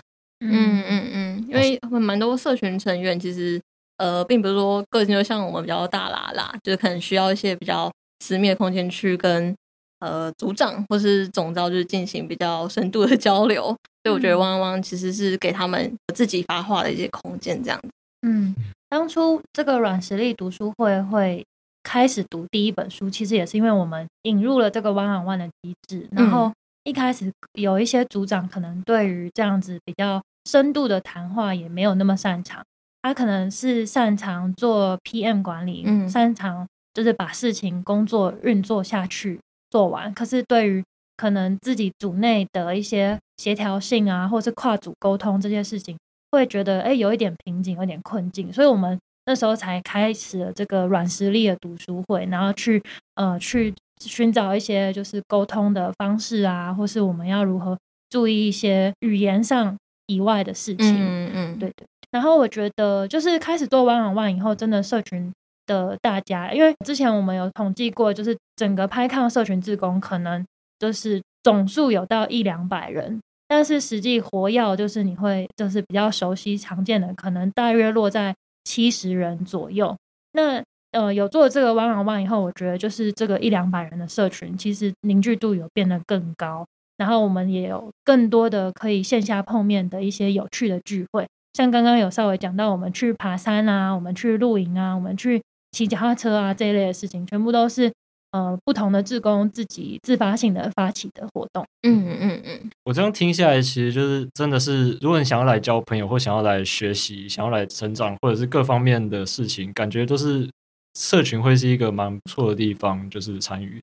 嗯，嗯嗯嗯，因為我們蠻多社群成員其實。呃，並不是說個性就像我們比較大啦啦，就是可能需要一些比較私密的空間去跟呃組長或是總召，就是進行比較深度的交流。嗯，所以我覺得 one on one 其實是給他們自己發話的一些空間，這樣子。嗯，當初這個軟實力讀書會會開始讀第一本書，其實也是因為我們引入了這個 one on one 的機制，嗯，然後一開始有一些組長可能對於這樣子比較深度的談話也沒有那麼擅長。他可能是擅長做 PM 管理，嗯、哼擅長就是把事情、工作運作下去，做完。可是對於可能自己組內的一些協調性啊，或是跨組溝通這些事情，會覺得哎，有一點瓶頸，有點困境。所以我們那時候才開始了這個軟實力的讀書會，然後去呃去尋找一些就是溝通的方式啊，或是我們要如何注意一些語言上以外的事情。嗯，嗯嗯，對對。然後我覺得，就是開始做 One on One 以後，真的社群的大家，因為之前我們有統計過，就是整個拍抗社群志工可能就是總數有到一兩百人，但是實際活躍就是你會就是比較熟悉常見的，可能大約落在七十人左右。那呃，有做這個 One on One 以後，我覺得就是這個一兩百人的社群，其實凝聚度有變得更高，然後我們也有更多的可以線下碰面的一些有趣的聚會。像剛剛有稍微講到，我們去爬山啊，我們去露營啊，我們去騎腳踏車啊這一類的事情，全部都是呃不同的志工自己自發性的發起的活動。嗯嗯嗯，嗯嗯，我這樣聽下來，其實就是真的是，如果你想要來交朋友，或想要來學習，想要來成長，或者是各方面的事情，感覺都是社群會是一個蠻不錯的地方，就是參與。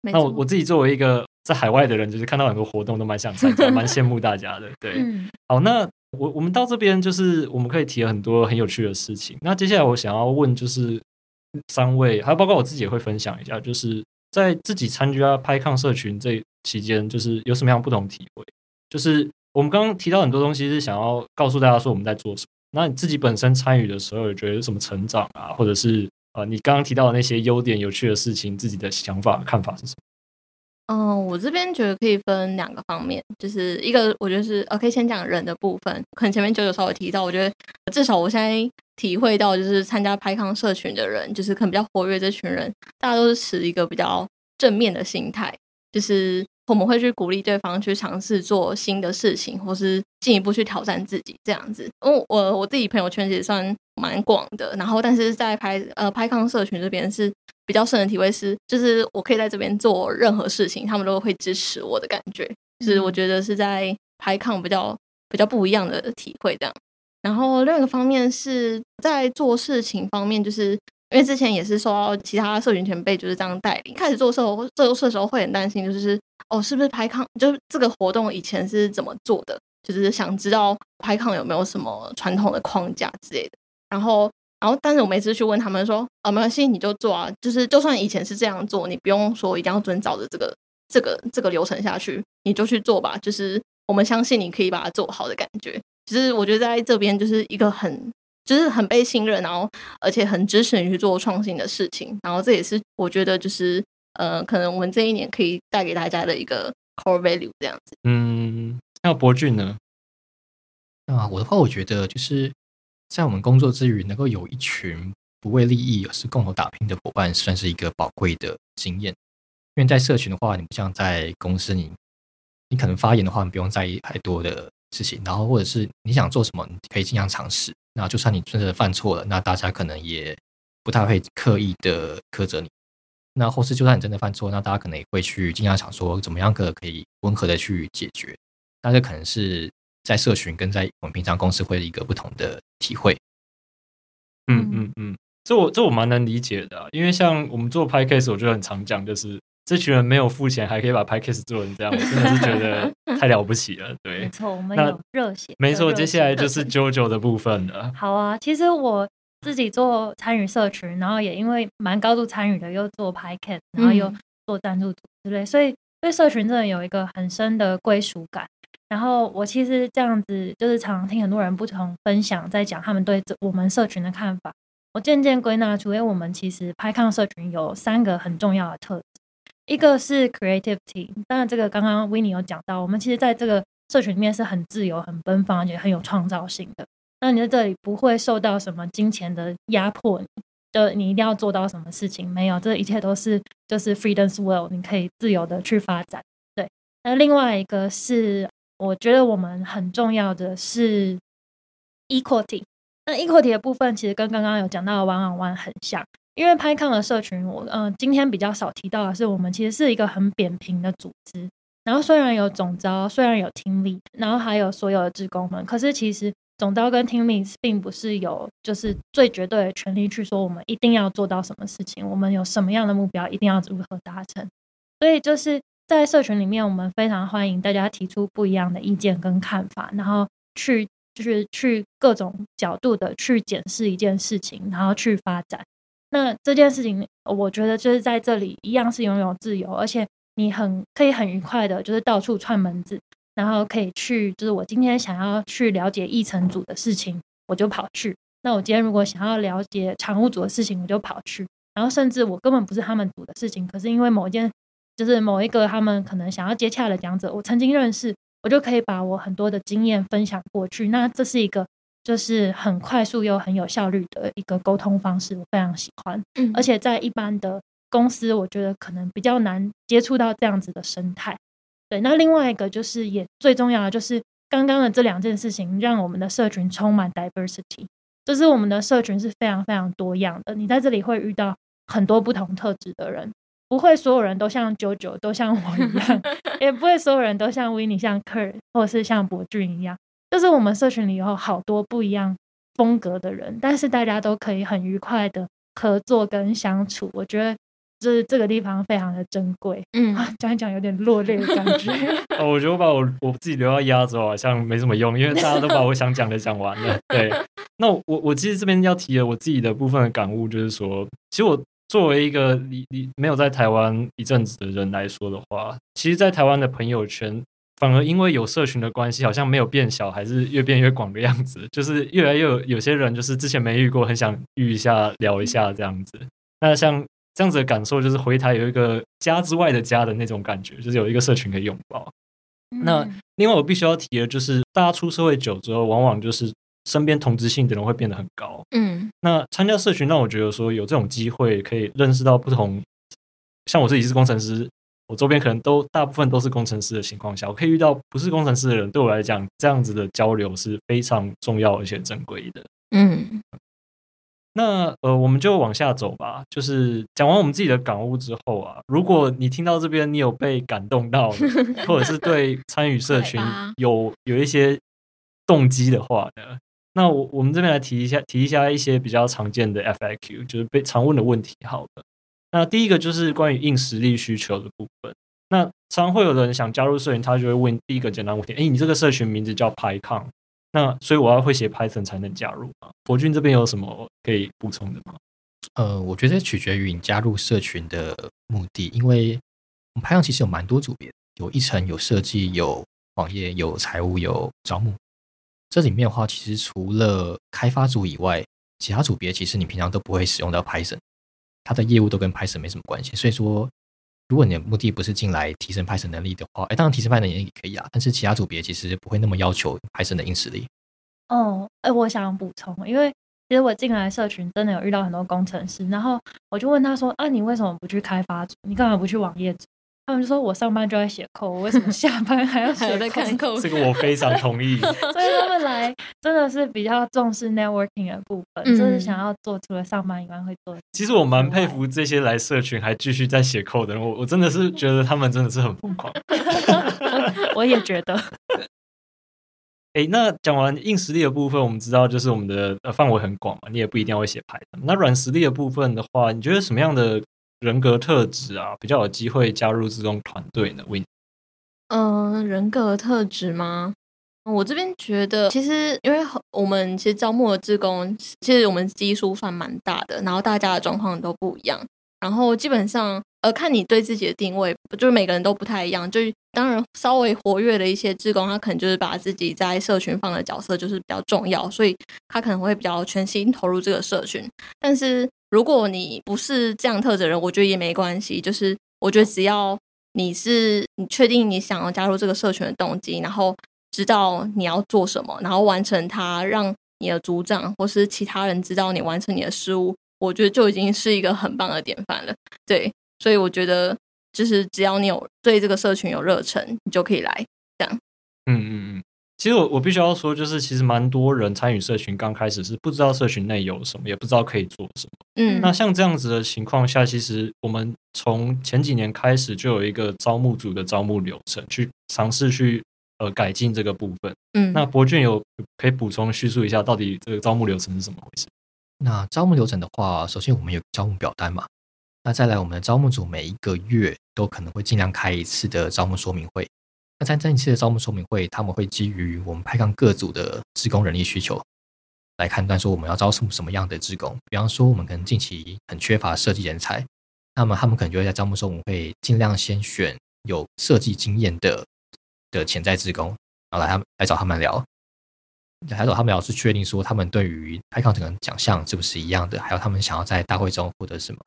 沒錯。那我我自己作為一個在海外的人，就是看到很多活動都蠻想參加，蠻羨 慕大家的。對，嗯、好那。我我們到這邊就是我們可以提很多很有趣的事情。那接下來我想要問就是三位，還有包括我自己也會分享一下，就是在自己參加拍抗社群這期間，就是有什麼樣不同體會？就是我們剛剛提到很多東西是想要告訴大家說我們在做什麼。那你自己本身參與的時候，有覺得有什麼成長啊，或者是啊、呃、你剛剛提到的那些優點、有趣的事情，自己的想法、看法是什麼？嗯、哦，我這邊覺得可以分兩個方面，就是一個我覺得是 OK，先講人的部分。可能前面九九稍微提到，我覺得至少我現在體會到，就是參加拍抗社群的人，就是可能比較活躍這群人，大家都是持一個比較正面的心態，就是我們會去鼓勵對方去嘗試做新的事情，或是進一步去挑戰自己這樣子。因、嗯、為我我自己朋友圈也算蠻廣的，然後但是在拍呃拍抗社群這邊是。比較深的體會是，就是我可以在這邊做任何事情，他們都會支持我的感覺。就是我覺得是在拍抗比較比較不一樣的體會這樣。然後另一個方面是在做事情方面，就是因為之前也是受到其他社群前輩就是這樣帶領，開始做社做社，會社會的時候會很擔心，就是哦，是不是拍抗，就是這個活動以前是怎麼做的，就是想知道拍抗有沒有什麼傳統的框架之類的。然後。然後，但是我每次去問他們說：“啊、哦，沒關係，你就做啊，就是就算以前是這樣做，你不用說一定要遵照着這個、這個、這個流程下去，你就去做吧。就是我們相信你可以把它做好的感覺。其實我覺得在這邊就是一個很，就是很被信任，然後而且很支持你去做創新的事情。然後這也是我覺得就是，呃，可能我們這一年可以帶給大家的一個 core value 這樣子。嗯，那伯俊呢？啊，我的話，我覺得就是。在我們工作之餘，能夠有一群不為利益而是共同打拼的夥伴，算是一個寶貴的經驗。因為在社群的話，你不像在公司，你你可能發言的話，你不用在意太多的事情。然後，或者是你想做什麼，你可以盡量嘗試。那就算你真的犯錯了，那大家可能也不太會刻意的苛責你。那或是就算你真的犯錯，那大家可能也會去盡量想說怎麼樣個可以溫和的去解決。那這可能是。在社群跟在我們平常公司會有一個不同的體會，嗯嗯嗯，這我這我蠻能理解的，啊，因為像我們做 PyCast 我我就很常講，就是這群人沒有付錢，還可以把 PyCast 做成這樣，我真的是覺得太了不起了。 對，沒錯，我們有熱血。沒錯，接下來就是 JoJo 的部分了。好啊，其實我自己做參與社群，然後也因為蠻高度參與的，又做 PyCast 然後又做贊助組之類，對、嗯、所以對社群真的有一個很深的歸屬感。然後我其實這樣子就是常常聽很多人不同分享，在講他們對這我們社群的看法。我漸漸歸納出，因為我們其實拍抗社群有三個很重要的特質，一個是 creativity。當然，這個剛剛 Winnie 有講到，我們其實在這個社群裡面是很自由、很奔放，而且很有創造性的。那你在這裡不會受到什麼金錢的壓迫，就你一定要做到什麼事情沒有？這一切都是就是 freedom will，你可以自由的去發展。對。那另外一個是。我覺得我們很重要的是 equity。那 equity 的部分，其實跟剛剛有講到的 one on one 很像，因為拍抗的社群我，我、呃、嗯，今天比較少提到的是，我們其實是一個很扁平的組織。然後雖然有總召，雖然有 team lead，然後還有所有的志工們，可是其實總召跟 team lead 並不是有就是最絕對的權力去說我們一定要做到什麼事情，我們有什麼樣的目標一定要如何達成。所以就是。在社群裡面，我們非常歡迎大家提出不一樣的意見跟看法，然後去就是去各種角度的去檢視一件事情，然後去發展。那這件事情，我覺得就是在這裡一樣是擁有自由，而且你很可以很愉快的，就是到處串門子，然後可以去就是我今天想要去了解議程組的事情，我就跑去。那我今天如果想要了解常務組的事情，我就跑去。然後甚至我根本不是他們組的事情，可是因為某一件。就是某一個他們可能想要接洽的講者，我曾經認識，我就可以把我很多的經驗分享過去。那這是一個就是很快速又很有效率的一個溝通方式，我非常喜歡。嗯，而且在一般的公司，我覺得可能比較難接觸到這樣子的生態。對，那另外一個就是也最重要的就是剛剛的這兩件事情，讓我們的社群充滿 diversity，就是我們的社群是非常非常多樣的。你在這裡會遇到很多不同特質的人。不會，所有人都像九九，都像我一樣， 也不會所有人都像 Winnie 像 Kurt 或是像博俊一樣。就是我們社群裡有好多不一樣風格的人，但是大家都可以很愉快的合作跟相處。我覺得就是這個地方非常的珍貴。嗯，講一講有點落淚的感覺。 哦、我覺得我把我我自己留到壓軸，好像沒什麼用，因為大家都把我想講的講完了。 對，那我我其實這邊要提的我自己的部分的感悟，就是說，其實我。作為一個你你沒有在台灣一陣子的人來說的話，其實，在台灣的朋友圈反而因為有社群的關係，好像沒有變小，還是越變越廣的樣子。就是越來越有，有些人，就是之前沒遇過，很想遇一下聊一下這樣子。那像這樣子的感受，就是回台有一個家之外的家的那種感覺，就是有一個社群可以擁抱。那另外我必須要提的，就是大家出社會久之後，往往就是。身邊同質性的人會變得很高。嗯，那參加社群讓我覺得說有這種機會可以認識到不同。像我自己是工程師，我周邊可能都大部分都是工程師的情況下，我可以遇到不是工程師的人，對我來講，這樣子的交流是非常重要而且珍貴的。嗯，那呃，我們就往下走吧。就是講完我們自己的感悟之後啊，如果你聽到這邊你有被感動到，或者是對參與社群有有一些動機的話呢？那我我們這邊來提一下，提一下一些比較常見的 FAQ，就是被常問的問題。好的，那第一個就是關於硬實力需求的部分。那常，常會有人想加入社群，他就會問第一個簡單問題：哎，你這個社群名字叫 PyCon，那所以我要會寫 Python 才能加入嗎？PoChun 這邊有什麼可以補充的嗎？呃，我覺得取決於你加入社群的目的，因為我們 PyCon 其實有蠻多組別，有議程，有設計，有網頁，有財務，有招募。這裡面的話，其實除了開發組以外，其他組別其實你平常都不會使用到 Python，它的業務都跟 Python 沒什麼關係。所以說，如果你的目的不是進來提升 Python 能力的話，哎，當然提升 Python 能力也可以啊，但是其他組別其實不會那麼要求 Python 的硬實力。哦，哎、呃，我想補充，因為其實我進來的社群真的有遇到很多工程師，然後我就問他說：“啊，你為什麼不去開發組？你幹嘛不去網頁組？”他們說：“我上班就要寫扣，我為什麼下班還要寫在看扣？”這個我非常同意。 所以他們來真的是比較重視 networking 的部分，嗯、就是想要做除了上班以外會做。其實我蠻佩服這些來社群還繼續在寫扣的人，我我真的是覺得他們真的是很瘋狂。 我也覺得。哎、欸，那講完硬實力的部分，我們知道就是我們的呃範圍很廣嘛，你也不一定要會寫牌。那軟實力的部分的話，你覺得什麼樣的？人格特質啊，比較有機會加入這種團隊呢？為嗯、呃，人格特質嗎？我這邊覺得，其實因為我們其實招募的志工，其實我們基數算蠻大的，然後大家的狀況都不一樣。然後基本上，呃，看你對自己的定位，就是每個人都不太一樣。就是當然，稍微活躍的一些志工，他可能就是把自己在社群放的角色就是比較重要，所以他可能會比較全心投入這個社群。但是。如果你不是這樣特質的人，我覺得也沒關係。就是我覺得，只要你是你確定你想要加入這個社群的動機，然後知道你要做什麼，然後完成它，讓你的組長或是其他人知道你完成你的事物，我覺得就已經是一個很棒的典範了。對，所以我覺得就是只要你有對這個社群有熱忱，你就可以來這樣。嗯嗯嗯。其實我我必須要說，就是其實蠻多人參與社群，剛開始是不知道社群內有什麼，也不知道可以做什麼。嗯，那像這樣子的情況下，其實我們從前幾年開始就有一個招募組的招募流程，去嘗試去呃改進這個部分。嗯，那博俊有可以補充敘述一下，到底這個招募流程是怎麼回事？那招募流程的話，首先我們有招募表單嘛，那再來我們的招募組每一個月都可能會盡量開一次的招募說明會。參加一期的招募說明會，他們會基於我們拍抗各組的志工人力需求來判斷，說我們要招什麼什麼樣的志工。比方說，我們可能近期很缺乏設計人才，那麼他們可能就會在招募說明會我們會儘量先選有設計經驗的的潛在志工，然後來他們來找他們聊，來找他們聊是確定說他們對於拍抗這個獎項是不是一樣的，還有他們想要在大會中獲得什麼。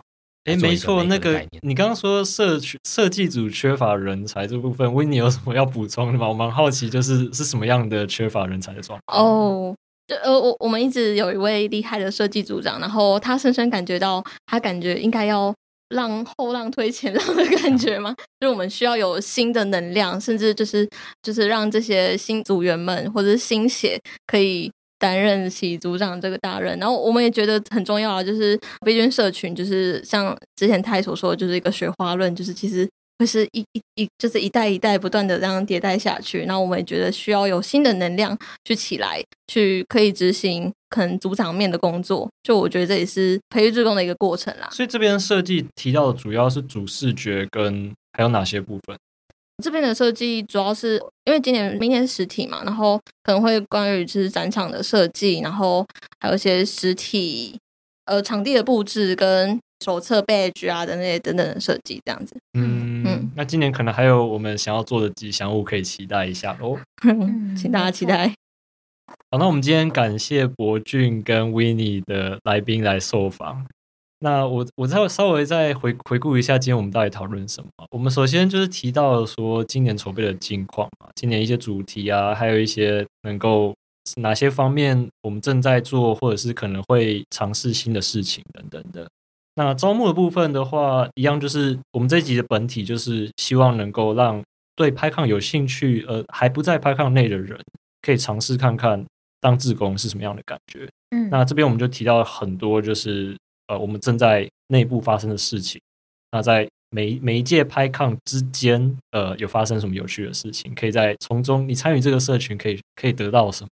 哎，沒錯，那個你剛剛說設設計組缺乏人才這部分 Winnie 有什麼要補充的嗎？我蠻好奇，就是是什麼樣的缺乏人才的狀況？哦，oh，就呃，我我們一直有一位厲害的設計組長，然後他深深感覺到，他感覺應該要讓後浪推前浪的感覺嗎？Yeah. 就是我們需要有新的能量，甚至就是就是讓這些新組員們或者是新血可以。擔任起組長這個大任，然後我們也覺得很重要啊。就是 PyCon 社群，就是像之前太所說，就是一個雪花論，就是其實會是一一一，就是一代一代不斷的這樣迭代下去。然後我們也覺得需要有新的能量去起來，去可以執行可能組長面的工作。就我覺得這也是培育志工的一個過程啦。所以這邊設計提到的主要是主視覺跟還有哪些部分？這邊的設計主要是因為今年、明年是實體嘛，然後可能會關於就是展場的設計，然後還有一些實體呃場地的布置跟手冊、badge 啊等等等等的設計，這樣子。嗯，嗯那今年可能還有我們想要做的吉祥物可以期待一下哦， 請大家期待。嗯、好，那我們今天感謝博俊跟 Winnie 的來賓來受訪。那我我再稍微再回回顧一下，今天我們到底討論什麼？我們首先就是提到了說，今年籌備的近況啊，今年一些主題啊，還有一些能夠哪些方面我們正在做，或者是可能會嘗試新的事情等等的。那招募的部分的話，一樣就是我們這一集的本體就是希望能夠讓對拍抗有興趣，呃，還不在拍抗內的人可以嘗試看看當志工是什麼樣的感覺。嗯，那這邊我們就提到很多就是。呃，我們正在內部發生的事情。那在每每一屆拍抗之間，呃，有發生什麼有趣的事情？可以在從中，你參與這個社群可以可以得到什麼？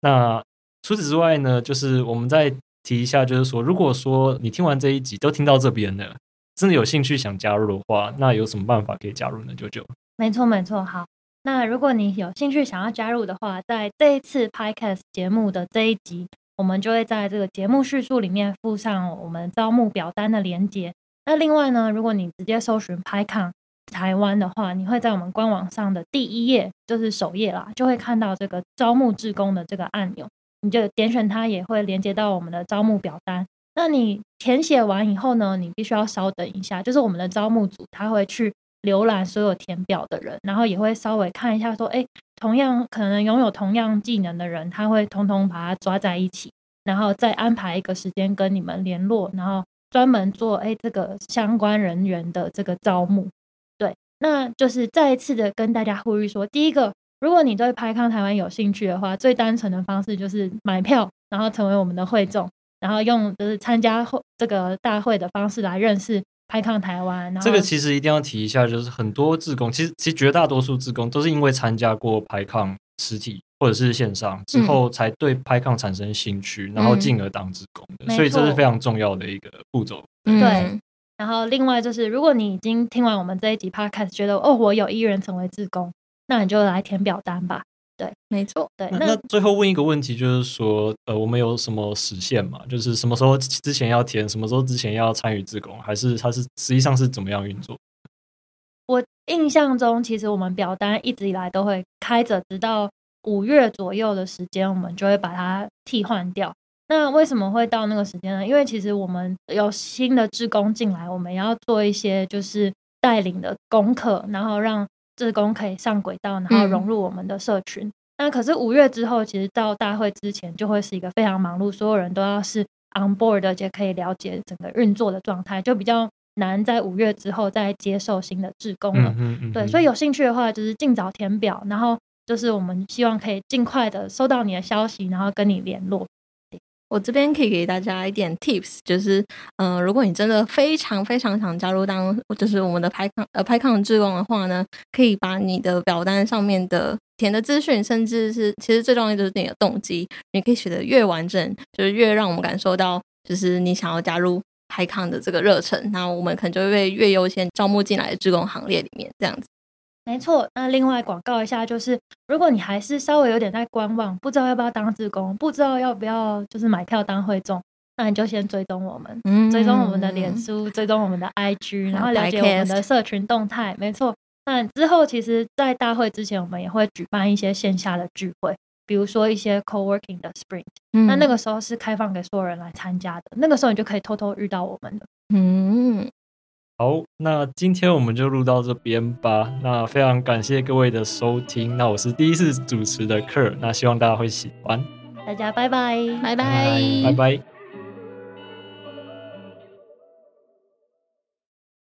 那除此之外呢，就是我們再提一下，就是說，如果說你聽完這一集都聽到這邊的，真的有興趣想加入的話，那有什麼辦法可以加入呢？九九沒錯沒錯，好。那如果你有興趣想要加入的話，在這一次拍 cast 節目的這一集。我們就會在這個節目敘述裡面附上我們招募表單的鏈接。那另外呢，如果你直接搜尋 PyCon 台灣的話，你會在我們官網上的第一頁，就是首頁啦，就會看到這個招募志工的這個按鈕，你就點選它，也會連接到我們的招募表單。那你填寫完以後呢，你必須要稍等一下，就是我們的招募組它會去。瀏覽所有填表的人，然後也會稍微看一下，說：“哎，同樣可能擁有同樣技能的人，他會通通把他抓在一起，然後再安排一個時間跟你們聯絡，然後專門做誒這個相關人員的這個招募。”對，那就是再一次的跟大家呼籲說：第一個，如果你對拍康台灣有興趣的話，最單純的方式就是買票，然後成為我們的會眾，然後用就是參加這個大會的方式來認識。拍抗台灣，然後這個其實一定要提一下，就是很多志工，其實其實絕大多數志工都是因為參加過拍抗實體或者是線上之後，才對拍抗產生興趣，嗯、然後進而當志工、嗯、所以這是非常重要的一個步驟。對,對，然後另外就是，如果你已經聽完我們這一集 podcast，覺得哦，我有意願成為志工，那你就來填表單吧。對，沒錯。對，那，那，那最後問一個問題，就是說，呃，我們有什麼時限嗎？就是什麼時候之前要填，什麼時候之前要參與志工，還是它是實際上是怎麼樣運作？我印象中，其實我們表單一直以來都會開着，直到五月左右的時間，我們就會把它替換掉。那為什麼會到那個時間呢？因為其實我們有新的志工進來，我們要做一些就是帶領的功課，然後讓。志工可以上軌道，然後融入我們的社群。嗯哼。那可是五月之後，其實到大會之前就會是一個非常忙碌，所有人都要是 on board，就可以了解整個運作的狀態，就比較難在五月之後再接受新的志工了。嗯哼嗯哼，對，所以有興趣的話，就是儘早填表，然後就是我們希望可以儘快的收到你的消息，然後跟你聯絡。我這邊可以給大家一點 tips，就是，嗯、呃，如果你真的非常非常想加入當，就是我們的拍抗呃拍抗志工的話呢，可以把你的表單上面的填的資訊，甚至是其實最重要就是你的動機，你可以寫得越完整，就是越讓我們感受到，就是你想要加入拍抗的這個熱忱，那我們可能就會越優先招募進來的志工行列裡面，這樣子。沒錯，那另外廣告一下，就是如果你還是稍微有點在觀望，不知道要不要當志工，不知道要不要就是買票當會眾，那你就先追蹤我們，嗯、追蹤我們的臉書，追蹤我們的 IG，然後了解我們的社群動態。嗯、沒錯，那之後其實，在大會之前，我們也會舉辦一些線下的聚會，比如說一些 co-working 的 sprint、嗯。那那個時候是開放給所有人來參加的，那個時候你就可以偷偷遇到我們的。嗯。好，那今天我們就錄到這邊吧。那非常感謝各位的收聽。那我是第一次主持的課，那希望大家會喜歡。大家拜拜，拜拜，拜拜。拜拜拜拜。